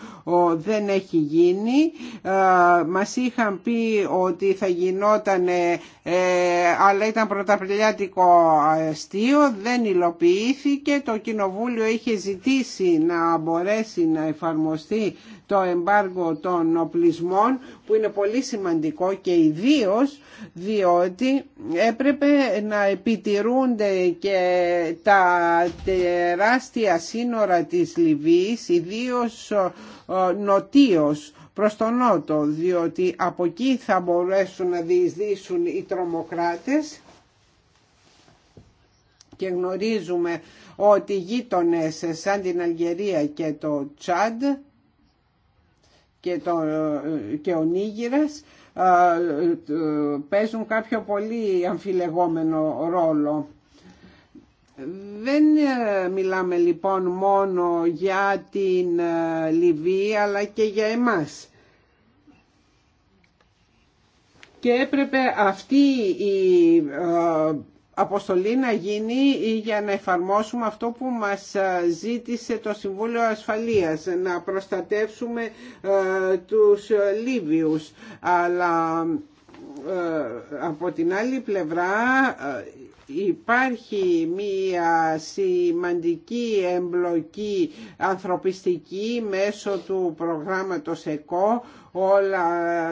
δεν έχει γίνει. Ε, μας είχαν πει ότι θα γινόταν ε, αλλά ήταν πρωταπληλιάτικο αστείο, δεν υλοποιήθηκε. Το Κοινοβούλιο είχε ζητήσει να μπορέσει να εφαρμοστεί το εμπάργο των οπλισμών που είναι πολύ σημαντικό και ιδίω διότι έπρεπε να επιτηρούνται και τα τεράστια σύνορα της Λιβύης ιδίως νοτίως προς τον νότο διότι από εκεί θα μπορέσουν να διεισδύσουν οι τρομοκράτες και γνωρίζουμε ότι γείτονες σαν την Αλγερία και το Τσάντ και, το, και ο Νίγηρας παίζουν κάποιο πολύ αμφιλεγόμενο ρόλο. Δεν ε, μιλάμε λοιπόν μόνο για την ε, Λιβύη αλλά και για εμάς. Και έπρεπε αυτή η ε, αποστολή να γίνει για να εφαρμόσουμε αυτό που μας ζήτησε το Συμβούλιο Ασφαλείας, να προστατεύσουμε ε, τους ε, Λίβιους. Αλλά ε, από την άλλη πλευρά ε, υπάρχει μια σημαντική εμπλοκή ανθρωπιστική μέσω του προγράμματος ΕΚΟ όλα,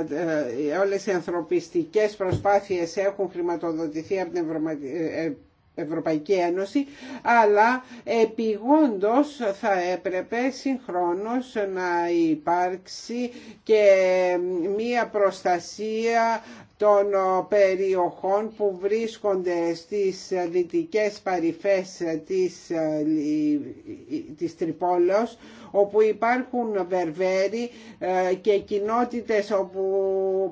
ε, όλες οι ανθρωπιστικές προσπάθειες έχουν χρηματοδοτηθεί από την Ευρωπαϊκή Ένωση, αλλά επιγόντως θα έπρεπε συγχρόνως να υπάρξει και μία προστασία των ε, περιοχών που βρίσκονται στις ε, δυτικές παρυφές ε, της, της όπου υπάρχουν βερβέροι και κοινότητες όπου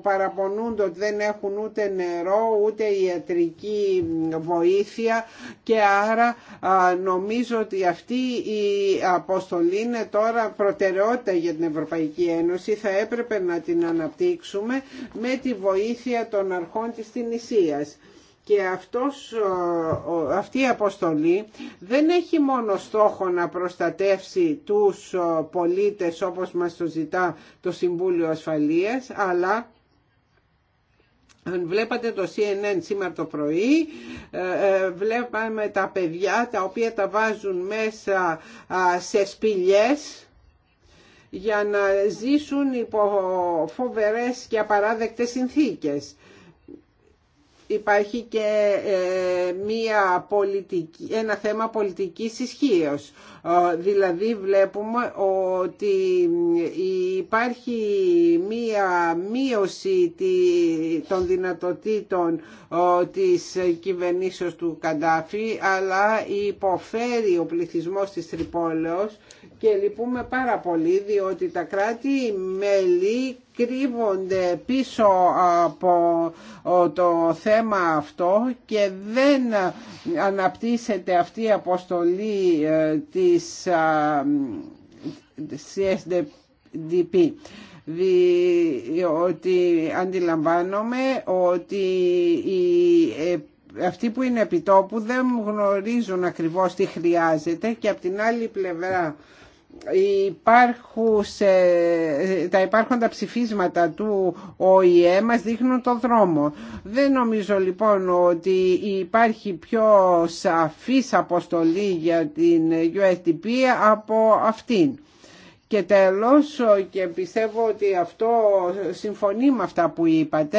παραπονούνται ότι δεν έχουν ούτε νερό ούτε ιατρική βοήθεια και άρα νομίζω ότι αυτή η αποστολή είναι τώρα προτεραιότητα για την Ευρωπαϊκή Ένωση θα έπρεπε να την αναπτύξουμε με τη βοήθεια των αρχών της Τινησίας. Και αυτός, αυτή η αποστολή δεν έχει μόνο στόχο να προστατεύσει τους πολίτες όπως μας το ζητά το Συμβούλιο Ασφαλείας, αλλά αν βλέπατε το CNN σήμερα το πρωί, ε, ε, βλέπαμε τα παιδιά τα οποία τα βάζουν μέσα σε σπηλιές για να ζήσουν υπό φοβερές και απαράδεκτες συνθήκες υπάρχει και ε, μία πολιτική, ένα θέμα πολιτικής ισχύω. Ε, δηλαδή βλέπουμε ότι υπάρχει μία μείωση των δυνατοτήτων ε, της κυβερνήσεως του Καντάφη αλλά υποφέρει ο πληθυσμός της Τρυπόλεως και λυπούμε πάρα πολύ διότι τα κράτη-μέλη κρύβονται πίσω από το θέμα αυτό και δεν αναπτύσσεται αυτή η αποστολή ε, της CSDP διότι αντιλαμβάνομαι ότι αυτοί που είναι επιτόπου δεν γνωρίζουν ακριβώς τι χρειάζεται και από την άλλη πλευρά υπάρχουσε, τα υπάρχοντα ψηφίσματα του ΟΗΕ μας δείχνουν τον δρόμο. Δεν νομίζω λοιπόν ότι υπάρχει πιο σαφής αποστολή για την USDP από αυτήν. Και τέλος, ε, και πιστεύω ότι αυτό συμφωνεί με αυτά που είπατε,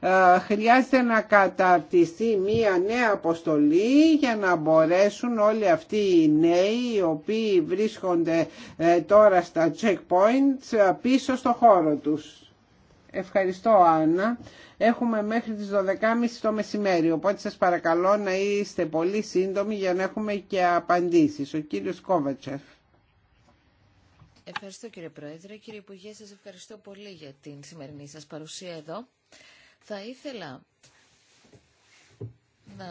ε, χρειάζεται να καταρτιστεί μία νέα αποστολή για να μπορέσουν όλοι αυτοί οι νέοι οι οποίοι βρίσκονται ε, τώρα στα checkpoints πίσω στο χώρο τους. Ευχαριστώ Άννα. Έχουμε μέχρι τις 12.30 το μεσημέρι, οπότε σας παρακαλώ να είστε πολύ σύντομοι για να έχουμε και απαντήσεις. Ο κύριος Κόβατσεφ. Ευχαριστώ κύριε Πρόεδρε. Κύριε Υπουργέ, σας ευχαριστώ πολύ για την σημερινή σας παρουσία εδώ. Θα ήθελα να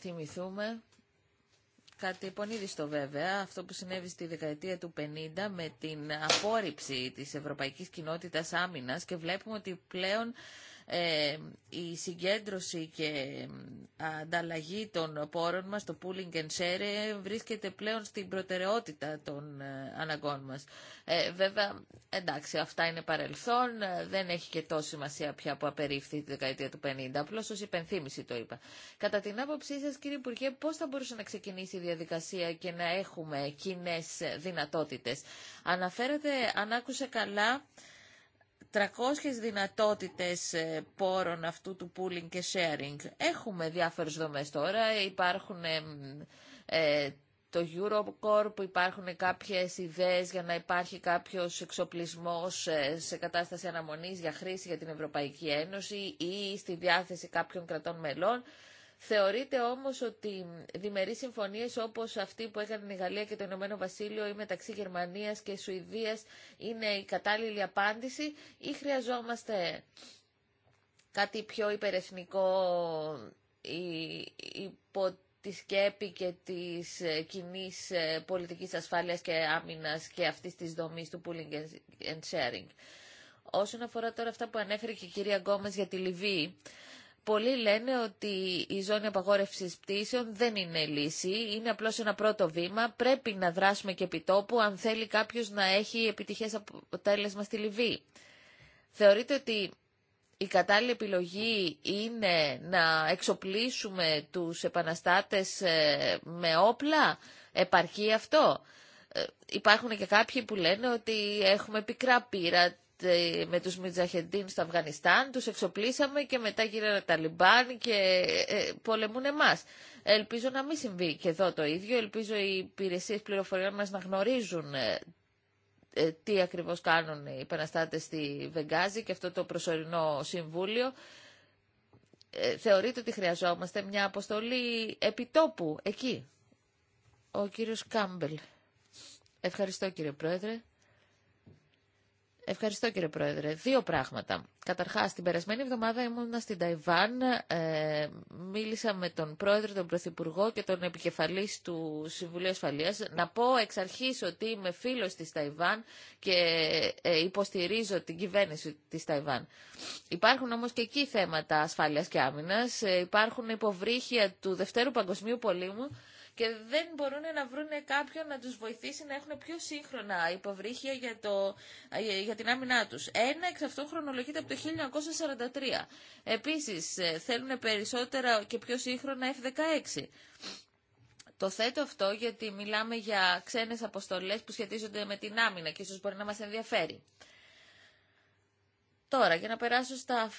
θυμηθούμε κάτι πονίδιστο βέβαια, αυτό που συνέβη στη δεκαετία του 50 με την απόρριψη της Ευρωπαϊκής Κοινότητας Άμυνας και βλέπουμε ότι πλέον ε, η συγκέντρωση και ανταλλαγή των πόρων μας, το pooling and share, ε, βρίσκεται πλέον στην προτεραιότητα των ε, αναγκών μας. Ε, βέβαια, εντάξει, αυτά είναι παρελθόν, δεν έχει και τόση σημασία πια που απερίφθη τη δεκαετία του 50, απλώς ως υπενθύμηση το είπα. Κατά την άποψή σας, κύριε Υπουργέ, πώς θα μπορούσε να ξεκινήσει η διαδικασία και να έχουμε κοινέ δυνατότητες. Αναφέρατε, αν άκουσα καλά, 300 δυνατότητες ε, πόρων αυτού του pooling και sharing. Έχουμε διάφορες δομές τώρα, υπάρχουν ε, το Eurocorp, υπάρχουν κάποιες ιδέες για να υπάρχει κάποιος εξοπλισμός ε, σε κατάσταση αναμονής για χρήση για την Ευρωπαϊκή Ένωση ή στη διάθεση κάποιων κρατών μελών. Θεωρείτε όμως ότι διμερείς συμφωνίες όπως αυτή που έκανε η Γαλλία και το Ηνωμένο Βασίλειο ή μεταξύ Γερμανίας και Σουηδίας είναι η κατάλληλη απάντηση ή χρειαζόμαστε κάτι πιο υπερεθνικό υπό τη σκέπη και της ε, κοινή ε, πολιτικής ασφάλειας και άμυνας και αυτής της δομής του pooling and sharing. Όσον αφορά τώρα αυτά που ανέφερε και η κυρία Γκόμες για τη Λιβύη, Πολλοί λένε ότι η ζώνη απαγόρευση πτήσεων δεν είναι λύση, είναι απλώς ένα πρώτο βήμα, πρέπει να δράσουμε και επιτόπου αν θέλει κάποιος να έχει επιτυχές αποτέλεσμα στη Λιβύη. Θεωρείτε ότι η κατάλληλη επιλογή είναι να εξοπλίσουμε τους επαναστάτες ε, με όπλα, επαρκεί αυτό. Ε, υπάρχουν και κάποιοι που λένε ότι έχουμε πικρά πείρα με τους Μιτζαχεντίν στο Αφγανιστάν, τους εξοπλίσαμε και μετά γίνανε λιμπάν και ε, πολεμούν εμάς. Ελπίζω να μην συμβεί και εδώ το ίδιο. Ελπίζω οι υπηρεσίες πληροφοριών μας να γνωρίζουν ε, ε, τι ακριβώς κάνουν οι επαναστάτες στη Βεγγάζη και αυτό το προσωρινό συμβούλιο. Ε, θεωρείτε ότι χρειαζόμαστε μια αποστολή επιτόπου εκεί. Ο κύριος Κάμπελ. Ευχαριστώ κύριε Πρόεδρε. Ευχαριστώ κύριε Πρόεδρε. Δύο πράγματα. Καταρχάς, την περασμένη εβδομάδα ήμουν στην Ταϊβάν, ε, μίλησα με τον Πρόεδρο, τον Πρωθυπουργό και τον Επικεφαλής του Συμβουλίου Ασφαλείας. Να πω εξ αρχής ότι είμαι φίλος της Ταϊβάν και ε, υποστηρίζω την κυβέρνηση της Ταϊβάν. Υπάρχουν όμως και εκεί θέματα ασφάλειας και άμυνας, ε, υπάρχουν υποβρύχια του Δευτέρου Παγκοσμίου Πολέμου και δεν μπορούν να βρουν κάποιον να τους βοηθήσει να έχουν πιο σύγχρονα υποβρύχια για, το, ε, για την άμυνά τους. Ένα εξ αυτών χρονολογείται από το 1943. Επίσης ε, θέλουν περισσότερα και πιο σύγχρονα F-16. Το θέτω αυτό γιατί μιλάμε για ξένες αποστολές που σχετίζονται με την άμυνα και ίσως μπορεί να μας ενδιαφέρει. Τώρα, για να περάσω στα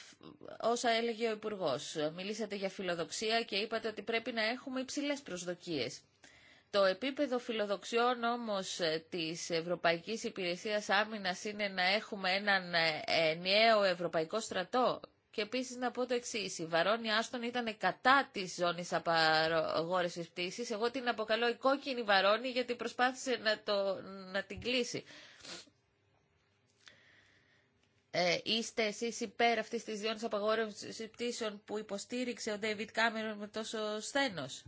όσα έλεγε ο Υπουργό. Μιλήσατε για φιλοδοξία και είπατε ότι πρέπει να έχουμε υψηλέ προσδοκίε. Το επίπεδο φιλοδοξιών όμως ε, της Ευρωπαϊκής Υπηρεσίας Άμυνας είναι να έχουμε έναν ε, νέο ευρωπαϊκό στρατό. Και επίσης να πω το εξή. η Βαρόνια Άστον ήταν κατά της ζώνης απαγόρευσης πτήσης. Εγώ την αποκαλώ η κόκκινη Βαρόνη γιατί προσπάθησε να, το, να την κλείσει. Ε, είστε εσείς υπέρ αυτής της διόνυσης απαγόρευσης πτήσεων που υποστήριξε ο Ντέιβιτ Κάμερον με τόσο σθένος.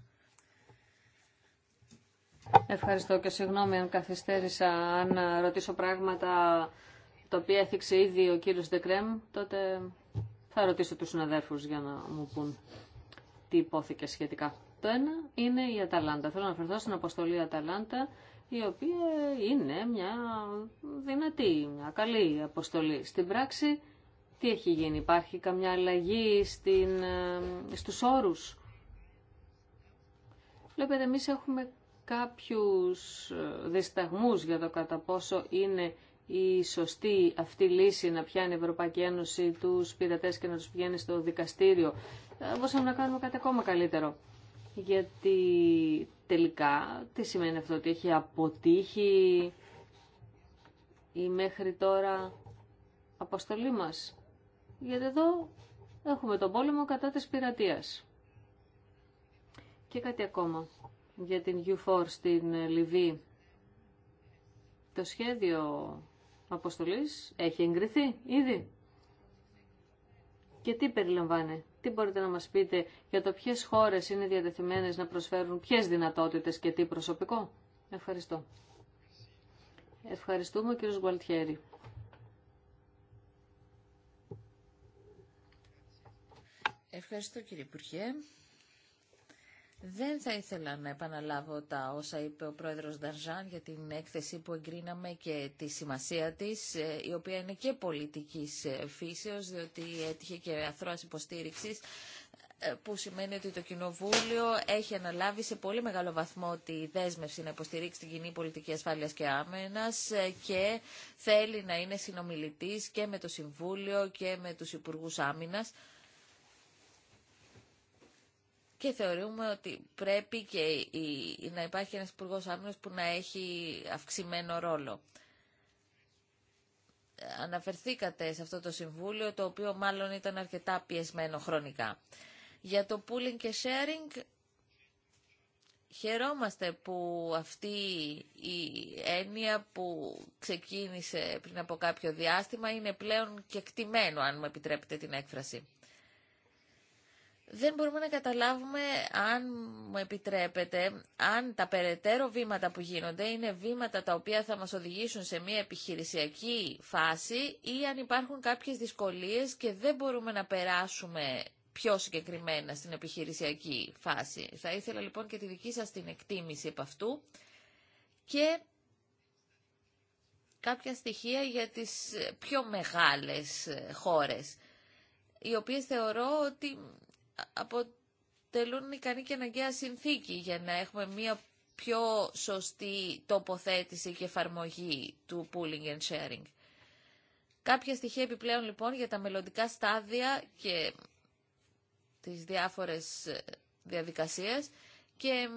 Ευχαριστώ και συγγνώμη αν καθυστέρησα αν ρωτήσω πράγματα τα οποία έθιξε ήδη ο κύριος Ντεκρέμ. τότε θα ρωτήσω τους συναδέρφους για να μου πούν τι υπόθηκε σχετικά. Το ένα είναι η Αταλάντα. Θέλω να αναφερθώ στην αποστολή Αταλάντα η οποία είναι μια δυνατή, μια καλή αποστολή. Στην πράξη, τι έχει γίνει, υπάρχει καμιά αλλαγή στην, ε, στους όρους. Βλέπετε, εμείς έχουμε κάποιους ε, δισταγμούς για το κατά πόσο είναι η σωστή αυτή λύση να πιάνει η Ευρωπαϊκή Ένωση τους πειρατές και να τους πηγαίνει στο δικαστήριο. Ε, μπορούσαμε να κάνουμε κάτι ακόμα καλύτερο γιατί τελικά τι σημαίνει αυτό ότι έχει αποτύχει η μέχρι τώρα αποστολή μας. Γιατί εδώ έχουμε τον πόλεμο κατά της πειρατείας. Και κάτι ακόμα για την U4 στην Λιβύη. Το σχέδιο αποστολής έχει εγκριθεί ήδη. Και τι περιλαμβάνει, τι μπορείτε να μας πείτε για το ποιες χώρες είναι διατεθειμένες να προσφέρουν ποιες δυνατότητες και τι προσωπικό. Ευχαριστώ. Ευχαριστούμε ο κύριος Γουαλτιέρη. Ευχαριστώ κύριε Υπουργέ. Δεν θα ήθελα να επαναλάβω τα όσα είπε ο πρόεδρος Νταρζάν για την έκθεση που εγκρίναμε και τη σημασία της, ε, η οποία είναι και πολιτικής ε, φύσεως, διότι έτυχε και αθρώας υποστήριξης, ε, που σημαίνει ότι το Κοινοβούλιο έχει αναλάβει σε πολύ μεγάλο βαθμό τη δέσμευση να υποστηρίξει την κοινή πολιτική ασφάλειας και άμενας και θέλει να είναι συνομιλητής και με το Συμβούλιο και με τους Υπουργούς Άμυνας και θεωρούμε ότι πρέπει και να υπάρχει ένας υπουργό άμυνας που να έχει αυξημένο ρόλο. Αναφερθήκατε σε αυτό το συμβούλιο, το οποίο μάλλον ήταν αρκετά πιεσμένο χρονικά. Για το pooling και sharing, χαιρόμαστε που αυτή η έννοια που ξεκίνησε πριν από κάποιο διάστημα είναι πλέον κεκτημένο, αν μου επιτρέπετε την έκφραση δεν μπορούμε να καταλάβουμε, αν μου επιτρέπετε, αν τα περαιτέρω βήματα που γίνονται είναι βήματα τα οποία θα μας οδηγήσουν σε μια επιχειρησιακή φάση ή αν υπάρχουν κάποιες δυσκολίες και δεν μπορούμε να περάσουμε πιο συγκεκριμένα στην επιχειρησιακή φάση. Θα ήθελα λοιπόν και τη δική σας την εκτίμηση επ' αυτού και κάποια στοιχεία για τις πιο μεγάλες χώρες οι οποίες θεωρώ ότι αποτελούν ικανή και αναγκαία συνθήκη για να έχουμε μία πιο σωστή τοποθέτηση και εφαρμογή του pooling and sharing. Κάποια στοιχεία επιπλέον λοιπόν για τα μελλοντικά στάδια και τις διάφορες ε, διαδικασίες και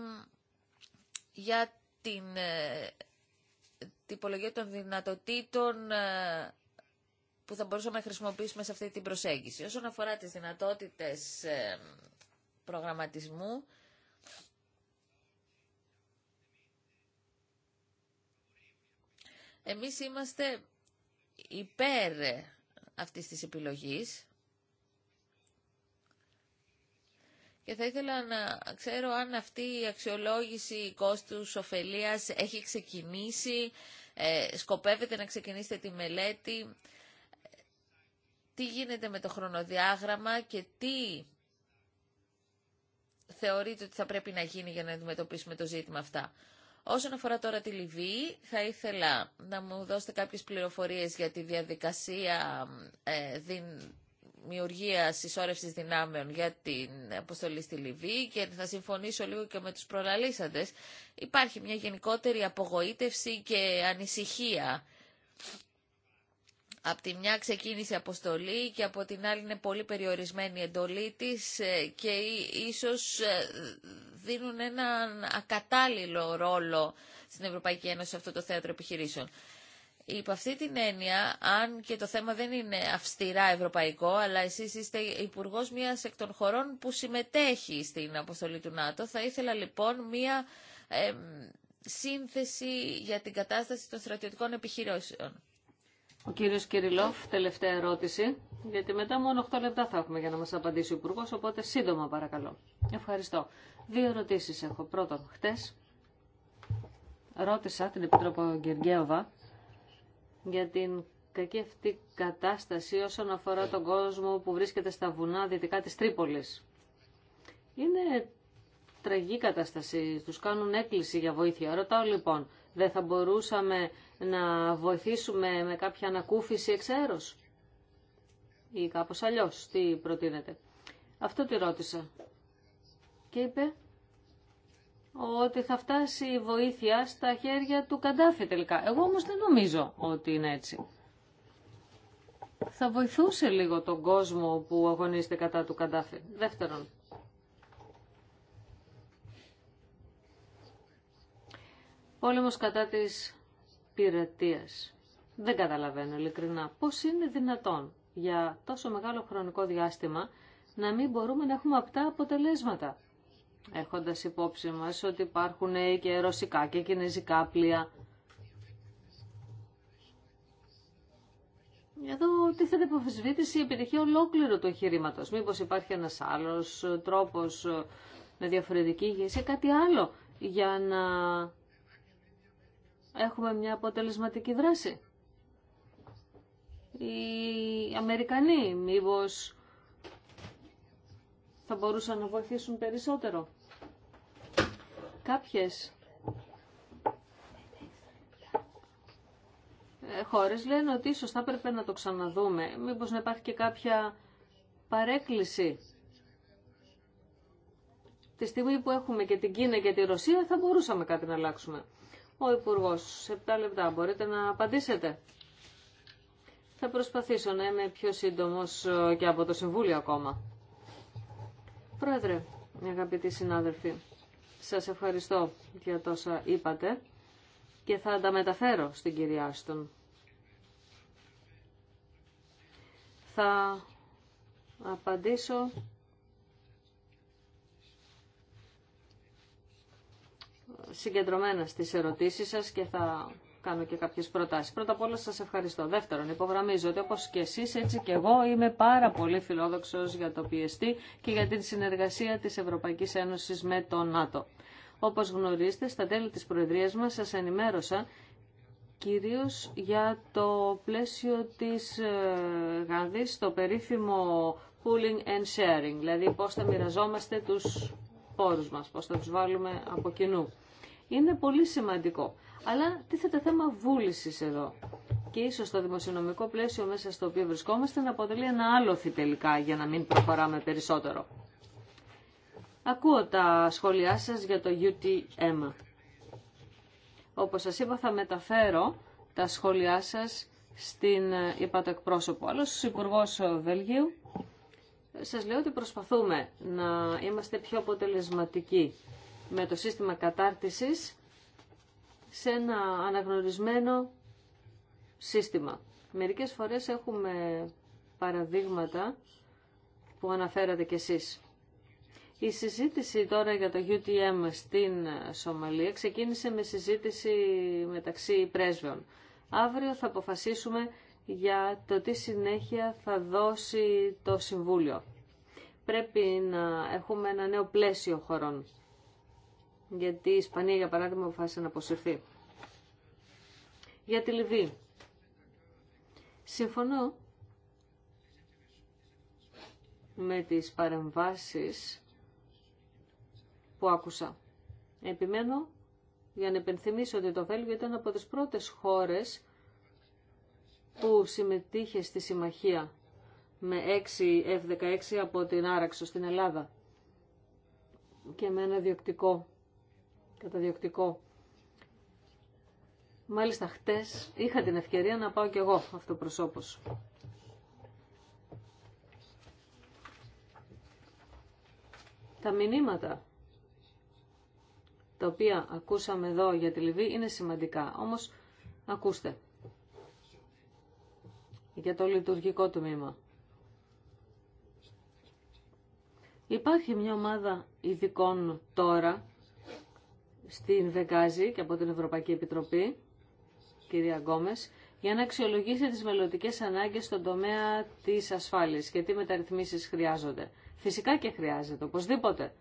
για την ε, τυπολογία των δυνατοτήτων ε, που θα μπορούσαμε να χρησιμοποιήσουμε σε αυτή την προσέγγιση. Όσον αφορά τις δυνατότητες ε, προγραμματισμού, εμείς είμαστε υπέρ αυτής της επιλογής και θα ήθελα να ξέρω αν αυτή η αξιολόγηση κόστους ωφελίας έχει ξεκινήσει, ε, σκοπεύετε να ξεκινήσετε τη μελέτη τι γίνεται με το χρονοδιάγραμμα και τι θεωρείτε ότι θα πρέπει να γίνει για να αντιμετωπίσουμε το ζήτημα αυτά. Όσον αφορά τώρα τη Λιβύη, θα ήθελα να μου δώσετε κάποιες πληροφορίες για τη διαδικασία ε, δημιουργία συσσόρευσης δυνάμεων για την αποστολή στη Λιβύη και θα συμφωνήσω λίγο και με τους προλαλήσαντες. Υπάρχει μια γενικότερη απογοήτευση και ανησυχία από τη μια ξεκίνησε αποστολή και από την άλλη είναι πολύ περιορισμένη η εντολή της ε, και ίσως ε, δίνουν έναν ακατάλληλο ρόλο στην Ευρωπαϊκή Ένωση σε αυτό το θέατρο επιχειρήσεων. Υπό αυτή την έννοια, αν και το θέμα δεν είναι αυστηρά ευρωπαϊκό, αλλά εσείς είστε υπουργό μιας εκ των χωρών που συμμετέχει στην αποστολή του ΝΑΤΟ, θα ήθελα λοιπόν μια σύνθεση για την κατάσταση των στρατιωτικών επιχειρήσεων. Ο κύριος Κυριλόφ, τελευταία ερώτηση, γιατί μετά μόνο 8 λεπτά θα έχουμε για να μας απαντήσει ο υπουργό, οπότε σύντομα παρακαλώ. Ευχαριστώ. Δύο ερωτήσεις έχω. Πρώτον, χτες ρώτησα την Επιτρόπο Γεργέωβα για την κακή αυτή κατάσταση όσον αφορά τον κόσμο που βρίσκεται στα βουνά δυτικά της Τρίπολης. Είναι τραγική κατάσταση, τους κάνουν έκκληση για βοήθεια. Ρωτάω λοιπόν, δεν θα μπορούσαμε να βοηθήσουμε με κάποια ανακούφιση εξαίρως ή κάπως αλλιώς, τι προτείνετε. Αυτό τη ρώτησα και είπε ότι θα φτάσει η βοήθεια στα χέρια του Καντάφη τελικά. Εγώ όμως δεν νομίζω ότι είναι έτσι. Θα βοηθούσε λίγο τον κόσμο που αγωνίζεται κατά του Καντάφη. Δεύτερον, Πόλεμος κατά της πειρατείας. Δεν καταλαβαίνω ειλικρινά πώς είναι δυνατόν για τόσο μεγάλο χρονικό διάστημα να μην μπορούμε να έχουμε αυτά αποτελέσματα. Έχοντας υπόψη μας ότι υπάρχουν ε, και ρωσικά και κινέζικα πλοία. Εδώ τίθεται υποφεσβήτηση η επιτυχία ολόκληρου του εγχειρήματο. Μήπως υπάρχει ένας άλλος τρόπος με διαφορετική ή κάτι άλλο για να έχουμε μια αποτελεσματική δράση. Οι Αμερικανοί μήπως θα μπορούσαν να βοηθήσουν περισσότερο. Κάποιες ε, χώρες λένε ότι ίσως θα έπρεπε να το ξαναδούμε. Μήπως να υπάρχει και κάποια παρέκκληση. Τη στιγμή που έχουμε και την Κίνα και τη Ρωσία θα μπορούσαμε κάτι να αλλάξουμε. Ο Υπουργό, σε 7 λεπτά μπορείτε να απαντήσετε. Θα προσπαθήσω να είμαι πιο σύντομο ε, και από το Συμβούλιο ακόμα. Πρόεδρε, αγαπητοί συνάδελφοι, σας ευχαριστώ για τόσα είπατε και θα τα μεταφέρω στην κυρία Άστον. Θα απαντήσω συγκεντρωμένα στις ερωτήσεις σας και θα κάνω και κάποιες προτάσεις. Πρώτα απ' όλα σας ευχαριστώ. Δεύτερον, υπογραμμίζω ότι όπως και εσείς έτσι και εγώ είμαι πάρα πολύ φιλόδοξος για το PST και για την συνεργασία της Ευρωπαϊκής Ένωσης με το ΝΑΤΟ. Όπως γνωρίζετε, στα τέλη της Προεδρίας μας σας ενημέρωσα κυρίως για το πλαίσιο της ε, Γάνδης, το περίφημο pooling and sharing, δηλαδή πώς θα μοιραζόμαστε τους πόρους μας, πώς θα τους βάλουμε από κοινού είναι πολύ σημαντικό. Αλλά τίθεται θέμα βούλησης εδώ. Και ίσω το δημοσιονομικό πλαίσιο μέσα στο οποίο βρισκόμαστε να αποτελεί ένα άλοθη τελικά για να μην προχωράμε περισσότερο. Ακούω τα σχόλιά σας για το UTM. Όπως σας είπα θα μεταφέρω τα σχόλιά σας στην είπατε εκπρόσωπο. Άλλος υπουργό Βελγίου σας λέω ότι προσπαθούμε να είμαστε πιο αποτελεσματικοί με το σύστημα κατάρτισης σε ένα αναγνωρισμένο σύστημα. Μερικές φορές έχουμε παραδείγματα που αναφέρατε κι εσείς. Η συζήτηση τώρα για το UTM στην Σομαλία ξεκίνησε με συζήτηση μεταξύ πρέσβεων. Αύριο θα αποφασίσουμε για το τι συνέχεια θα δώσει το Συμβούλιο. Πρέπει να έχουμε ένα νέο πλαίσιο χωρών γιατί η Ισπανία, για παράδειγμα, αποφάσισε να αποσυρθεί. Για τη Λιβύη. Συμφωνώ με τις παρεμβάσεις που άκουσα. Επιμένω για να επενθυμίσω ότι το Βέλγιο ήταν από τις πρώτες χώρες που συμμετείχε στη συμμαχία με 6 F-16 από την Άραξο στην Ελλάδα και με ένα διοκτικό καταδιοκτικό. Μάλιστα χτες είχα την ευκαιρία να πάω κι εγώ αυτοπροσώπως. Τα μηνύματα τα οποία ακούσαμε εδώ για τη Λιβύη είναι σημαντικά. Όμως ακούστε για το λειτουργικό μήμα Υπάρχει μια ομάδα ειδικών τώρα στην Βεγγάζη και από την Ευρωπαϊκή Επιτροπή, κυρία Γκόμες, για να αξιολογήσει τις μελλοντικέ ανάγκες στον τομέα της ασφάλειας και τι μεταρρυθμίσεις χρειάζονται. Φυσικά και χρειάζεται, οπωσδήποτε,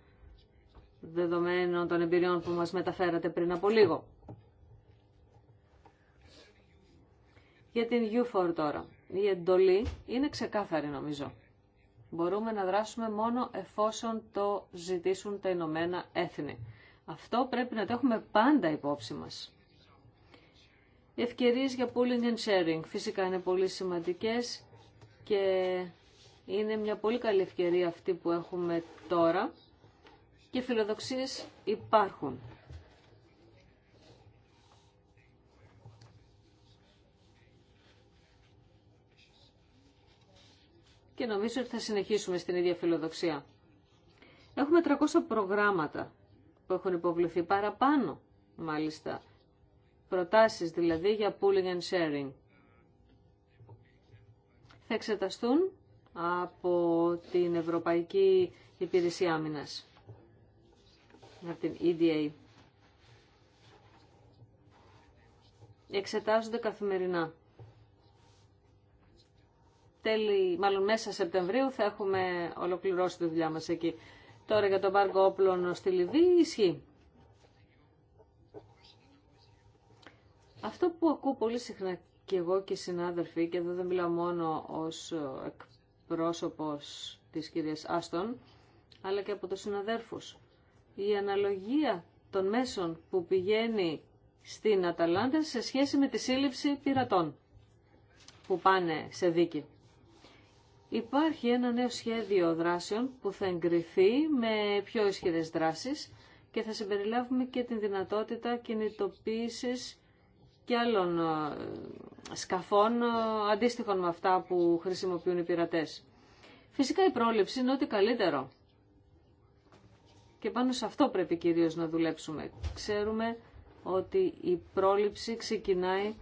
δεδομένων των εμπειριών που μας μεταφέρατε πριν από λίγο. Για την UFOR τώρα. Η εντολή είναι ξεκάθαρη νομίζω. Μπορούμε να δράσουμε μόνο εφόσον το ζητήσουν τα Ηνωμένα Έθνη. Αυτό πρέπει να το έχουμε πάντα υπόψη μας. ευκαιρίες για pooling and sharing φυσικά είναι πολύ σημαντικές και είναι μια πολύ καλή ευκαιρία αυτή που έχουμε τώρα και φιλοδοξίες υπάρχουν. Και νομίζω ότι θα συνεχίσουμε στην ίδια φιλοδοξία. Έχουμε 300 προγράμματα που έχουν υποβληθεί παραπάνω, μάλιστα. Προτάσεις δηλαδή για pooling and sharing. Θα εξεταστούν από την Ευρωπαϊκή Υπηρεσία Άμυνας, από την EDA. Εξετάζονται καθημερινά. Τέλη, μάλλον μέσα Σεπτεμβρίου θα έχουμε ολοκληρώσει τη δουλειά μας εκεί. Τώρα για τον πάρκο όπλων στη Λιβύη ισχύει. Αυτό που ακούω πολύ συχνά και εγώ και οι συνάδελφοι, και εδώ δεν μιλάω μόνο ως πρόσωπος της κυρίας Άστον, αλλά και από τους συναδέρφους. Η αναλογία των μέσων που πηγαίνει στην Αταλάντα σε σχέση με τη σύλληψη πειρατών που πάνε σε δίκη. Υπάρχει ένα νέο σχέδιο δράσεων που θα εγκριθεί με πιο ισχυρές δράσεις και θα συμπεριλάβουμε και την δυνατότητα κινητοποίησης και άλλων ε, σκαφών ε, αντίστοιχων με αυτά που χρησιμοποιούν οι πειρατές. Φυσικά η πρόληψη είναι ό,τι καλύτερο. Και πάνω σε αυτό πρέπει κυρίως να δουλέψουμε. Ξέρουμε ότι η πρόληψη ξεκινάει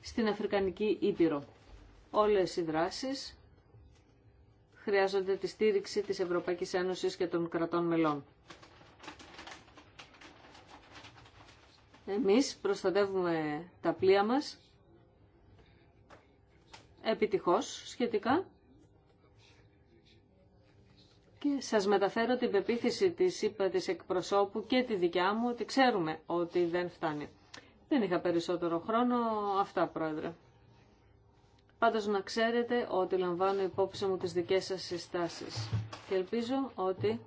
στην Αφρικανική Ήπειρο. Όλες οι δράσεις χρειάζονται τη στήριξη της Ευρωπαϊκής Ένωσης και των κρατών μελών. Εμείς προστατεύουμε τα πλοία μας επιτυχώς σχετικά και σας μεταφέρω την πεποίθηση της είπα της εκπροσώπου και τη δικιά μου ότι ξέρουμε ότι δεν φτάνει. Δεν είχα περισσότερο χρόνο. Αυτά, Πρόεδρε. Πάντως να ξέρετε ότι λαμβάνω υπόψη μου τις δικές σας συστάσεις. Και ελπίζω ότι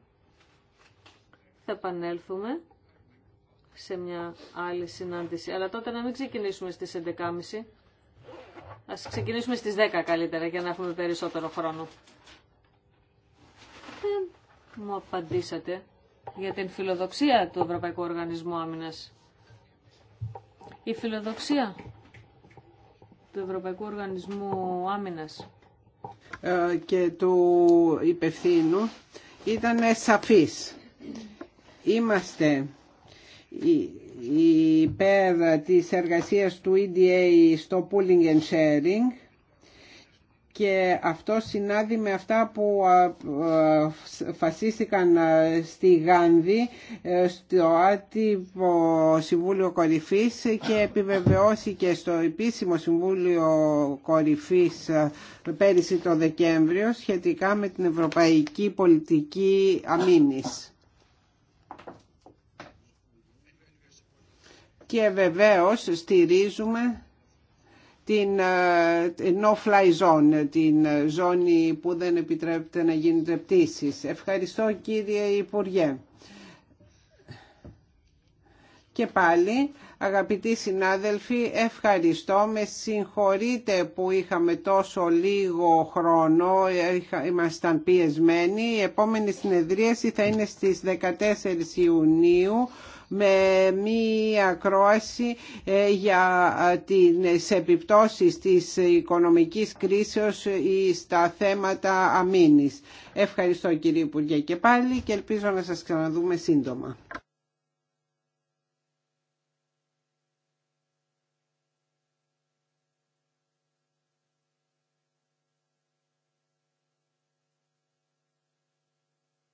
θα επανέλθουμε σε μια άλλη συνάντηση. Αλλά τότε να μην ξεκινήσουμε στις 11.30. Ας ξεκινήσουμε στις 10 καλύτερα για να έχουμε περισσότερο χρόνο. Δεν μου απαντήσατε για την φιλοδοξία του Ευρωπαϊκού Οργανισμού Άμυνας. Η φιλοδοξία του Ευρωπαϊκού Οργανισμού Άμυνας ε, και του υπευθύνου ήταν σαφής. Είμαστε υπέρ της εργασίας του EDA στο pooling and sharing και αυτό συνάδει με αυτά που φασίστηκαν στη Γάνδη ε, στο άτυπο Συμβούλιο Κορυφής και επιβεβαιώθηκε στο επίσημο Συμβούλιο Κορυφής πέρυσι το Δεκέμβριο σχετικά με την Ευρωπαϊκή Πολιτική Αμήνης. Και βεβαίως στηρίζουμε ε, την no-fly zone, την ζώνη που δεν επιτρέπεται να γίνεται πτήσεις. Ευχαριστώ κύριε Υπουργέ. Και πάλι, αγαπητοί συνάδελφοι, ευχαριστώ. Με συγχωρείτε που είχαμε τόσο λίγο χρόνο, ήμασταν πιεσμένοι. Η επόμενη συνεδρίαση θα είναι στις 14 Ιουνίου με μία κρόαση ε, για ε, τις επιπτώσεις της οικονομικής κρίσεως ή στα θέματα αμήνης. Ευχαριστώ κύριε Υπουργέ και πάλι και ελπίζω να σας ξαναδούμε σύντομα.